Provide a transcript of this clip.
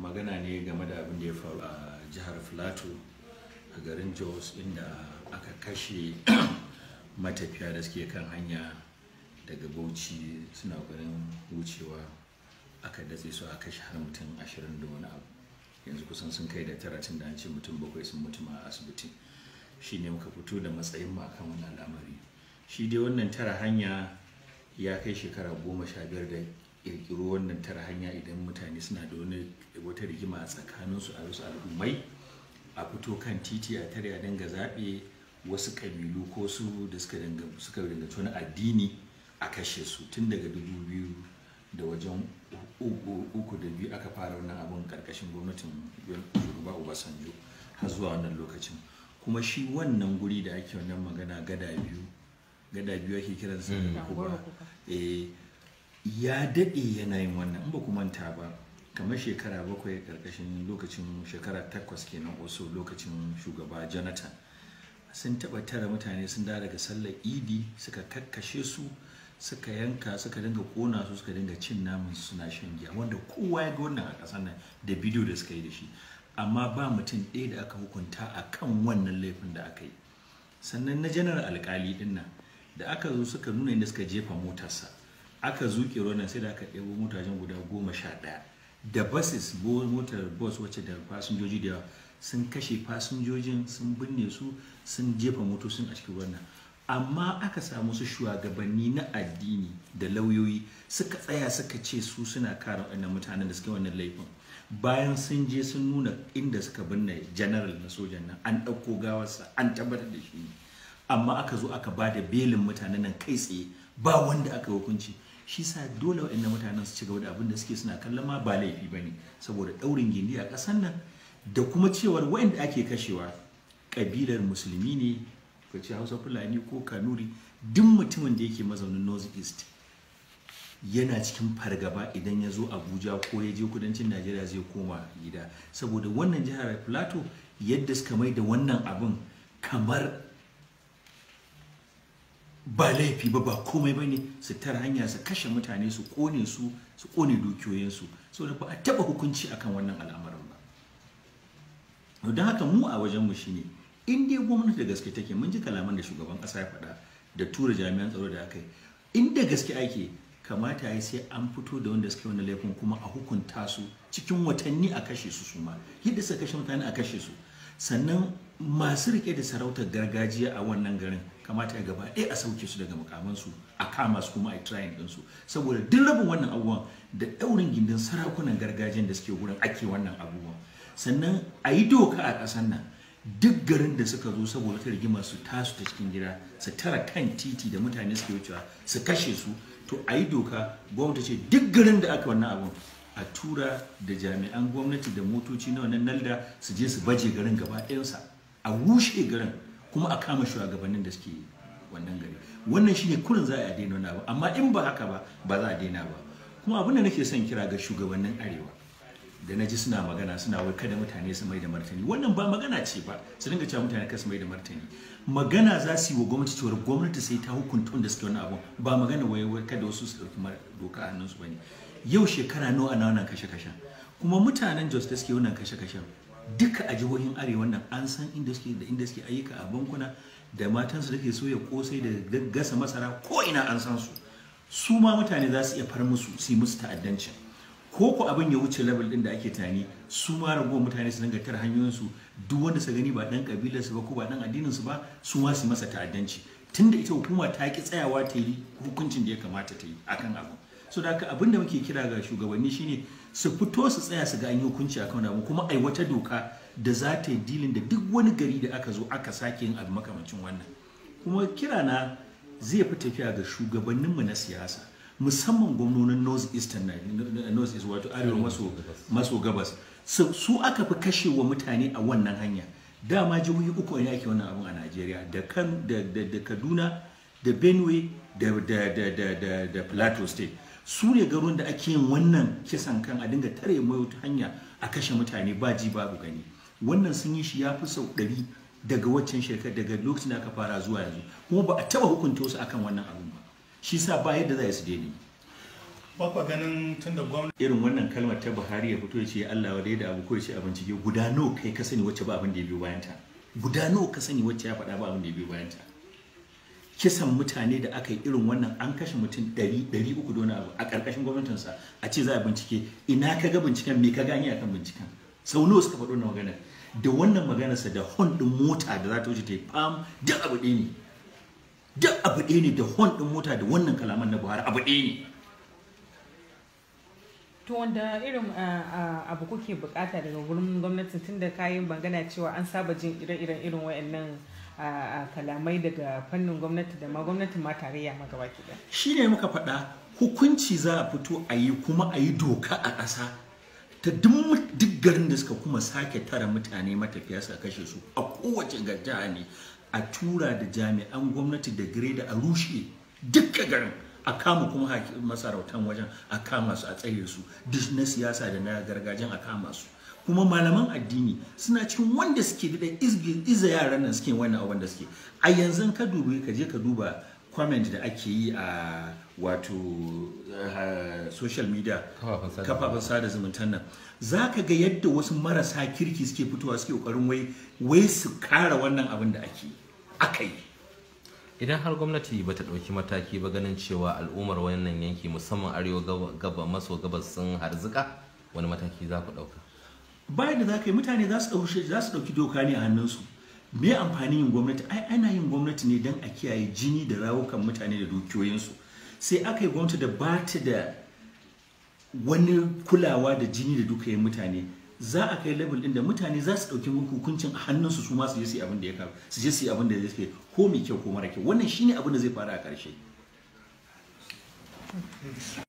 magana ne game da abin da ya faru a jihar filato a garin jos inda aka kashe matafiya da suke kan hanya daga bauchi suna garin wucewa aka datse su a kashe har mutum ashirin da wani abu yanzu kusan sun kai da tara tun da an ce mutum bakwai sun mutuma a asibiti shi ne muka fito da matsayin mu akan wannan al'amari shi dai wannan tara hanya ya kai shekara goma sha biyar da kirkiro wannan tara hanya idan mutane suna da wani wata rigima a tsakaninsu a wasu al'ummai a fito kan titi a tare a dinga zaɓe wasu ƙabilu ko su da suka dinga suka addini a kashe su tun daga dubu biyu da wajen uku da biyu aka fara wannan abun ƙarƙashin gwamnatin shugaba obasanjo har zuwa wannan lokacin kuma shi wannan guri da ake wannan magana gada biyu gada biyu ake kiransa mm. da kuma ya daɗe yana yin wannan in ba ku manta ba kamar shekara bakwai ƙarƙashin lokacin shekara takwas kenan oso lokacin shugaba jonathan sun taɓa tara mutane sun da daga sallar idi suka kakkashe su suka yanka suka dinga kona su suka dinga cin namun suna shan giya wanda kowa ya ga wannan a ƙasar nan da bidiyo da suka yi da shi amma ba mutum ɗaya da aka hukunta a kan wannan laifin da aka yi sannan na janar alkali ɗin da aka zo suka nuna inda suka jefa motarsa aka zuke ruwan sai da aka ɗebo mutajen guda goma sha ɗaya da buses motar bus wacce da fasinjoji da yawa sun kashe fasinjojin sun binne su sun jefa motocin a cikin ruwan amma aka samu su shugabanni na addini da lauyoyi suka tsaya suka ce su suna kare wannan mutanen da suke wannan laifin bayan sun je sun nuna inda suka binne general na sojan nan an ɗauko gawarsa an tabbatar da shi amma aka zo aka ba da belin mutanen nan kai tsaye ba wanda aka hukunci shi sa dole waɗanda mutanen su ci gaba da abin da suke suna kallon ma ba laifi ba ne saboda ɗaurin gindi a ƙasar nan da kuma cewar waɗanda ake kashewa ƙabilar musulmi ne ko ce hausa fulani ko kanuri duk mutumin da yake mazaunin north east yana cikin fargaba idan ya zo abuja ko ya je kudancin najeriya zai koma gida saboda wannan jihar plateau yadda suka mai da wannan abin kamar ba laifi ba ba komai ba ne su tara hanya su kashe mutane su kone su su kone dukiyoyinsu sau da ba a taɓa hukunci a kan wannan al'amarin ba don haka mu a wajenmu shine in dai gwamnati da gaske take mun ji kalaman da shugaban ƙasa ya faɗa da tura jami'an tsaro da aka yi in gaske ake kamata ya sai an fito da wanda suke wani laifin kuma a hukunta su cikin watanni a kashe su suma, ma yadda suka kashe mutane a kashe su sannan masu rike da sarautar gargajiya a wannan garin kamata ya gaba ɗaya a sauke su daga mukamansu a kama su kuma a trying ɗinsu saboda duk rabin wannan abubuwan da ɗaurin gindin sarakunan gargajiyan da suke wurin ake wannan abubuwan sannan a yi doka a ƙasar nan duk garin da suka zo saboda ta rigima su tasu ta cikin gida su tara kan titi da mutane suke wucewa su kashe su to a yi doka gwamnati ce duk garin da aka wannan abun a tura da jami'an gwamnati da motoci na wannan nalda su je su baje garin gaba ɗayansa a rushe garin kuma a kama shugabannin da suke wannan gari wannan shine kurin za a daina ba amma in ba haka ba ba za a daina ba kuma abin da nake son kira ga shugabannin arewa da na ji suna magana suna wai kada mutane su mai da martani wannan ba magana ce ba su dinga cewa mutane kada su mai da martani magana za su yi wa gwamnati cewar gwamnati sai ta hukunta wanda suke wani abu ba magana wai wai kada wasu su ɗauki doka a hannunsu bane yau shekara nawa ana wannan kashe-kashen kuma mutanen jos da suke wannan kashe-kashen duka a jihohin arewa nan an san inda suke da inda suke ayyuka a bankuna da matansu da ke soya kosai da gasa masara ko ina an san su su ma mutane za su iya far musu su yi musu ta'addancin ko ku abin ya wuce level din da ake tunani su ma ragowar mutane su dangantar hanyoyin hanyoyinsu duk wanda sa gani ba dan kabilarsu ba ko ba dan addininsu ba su ma su masa ta'addanci tunda ita hukuma ta ki tsayawa ta yi hukuncin da ya kamata ta yi akan abu so da abin da muke kira ga shugabanni shine su fito su tsaya su ga an yi hukunci akan abu kuma ai wata doka da za ta yi dilin da duk wani gari da aka zo aka sake yin abu makamancin wannan kuma kira na zai fi tafiya ga shugabanninmu na siyasa musamman gwamnonin north eastern north east wato arewa maso maso gabas su aka fi kashe wa mutane a wannan hanya dama jihohi uku ne ake wannan abun a Najeriya da kan da Kaduna da Benue da da da da Plateau state su ne garin da ake yin wannan kisan kan a dinga tare mai wata hanya a kashe mutane ba ji babu gani wannan sun yi shi ya fi sau ɗari daga waccan shekara daga lokacin da aka fara zuwa yanzu kuma ba a taɓa hukunta wasu akan wannan abun ba shi sa ba yadda za su daina ba ganin tun da gwamnati irin wannan kalmar ta Buhari ya fito ya ce Allah wa da abu ko ya ce a bincike guda nawa kai ka sani wacce ba abin da ya biyo bayanta? guda nawa ka sani wacce ya faɗa ba abin da ya biyo bayanta? kisan mutane da aka yi irin wannan an kashe mutum ɗari, da wani abu a ƙarƙashin gwamnatinsa a ce za a bincike ina ka ga binciken me ka gani akan binciken sau nawa suka faɗo wannan magana da wannan maganarsa da hon ɗin mota da za ta wuce ta yi fam duk abu ɗaya ne duk abu ɗaya ne da hon ɗin mota da wannan kalaman na buhari abu ɗaya ne to wanda irin abu kuke bukata daga wurin gwamnati tunda kayan magana cewa an saba jin ire-iren irin wayannan kalamai daga fannin gwamnati da ma gwamnatin ma tarayya ma gaba ki shi ne muka faɗa hukunci za a fito a yi kuma a yi doka a ƙasa ta duk garin da suka kuma sake tara mutane matafiya su kashe su a kowace gajiya ne a tura da jami'an gwamnati da gireda a rushe dukka garin a kama kuma masarautan wajen a kama su a tsaye su duk na siyasa da na gargajen a kama su kuma malaman addini suna cikin wanda suke da iza yaran nan suke wannan abin da suke a yanzu ka dubi ka je ka duba comment da ake yi a wato uh, social media kafafen sada zumunta nan za ka ga yadda wasu marasa kirki suke fitowa suke ƙoƙarin wai wai su kara wannan abin da ake aka yi idan har gwamnati ba ta ɗauki mataki ba ganin cewa al'ummar wannan yanki musamman arewa gaba maso gabas sun harzuka wani mataki za ku ɗauka bayan da za ka yi mutane za su ɗauki doka ne a hannunsu me amfani yin gwamnati ai ana yin gwamnati ne don a kiyaye jini da rawukan mutane da dukiyoyinsu sai aka yi gwamnati da ba ta da wani kulawa da jini da duka yin mutane za a kai level din da mutane za su ɗauki hukuncin a hannunsu su ma su je su yi abin da ya kawo su je su ya ke ko mai kyau ko mara kyau wannan shine abin da zai fara a ƙarshe